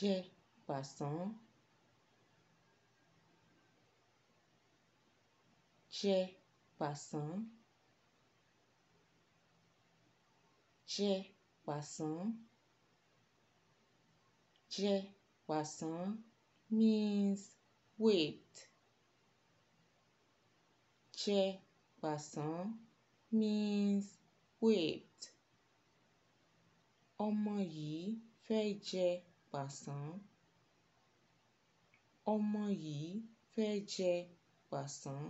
jẹ pàṣán jẹ pàṣán jẹ pàṣán jẹ pàṣán means wait jẹ pàṣán means wait ọmọ yìí fẹ́ jẹ pàṣán. Ọmọ yìí fẹ́ jẹ pàṣán.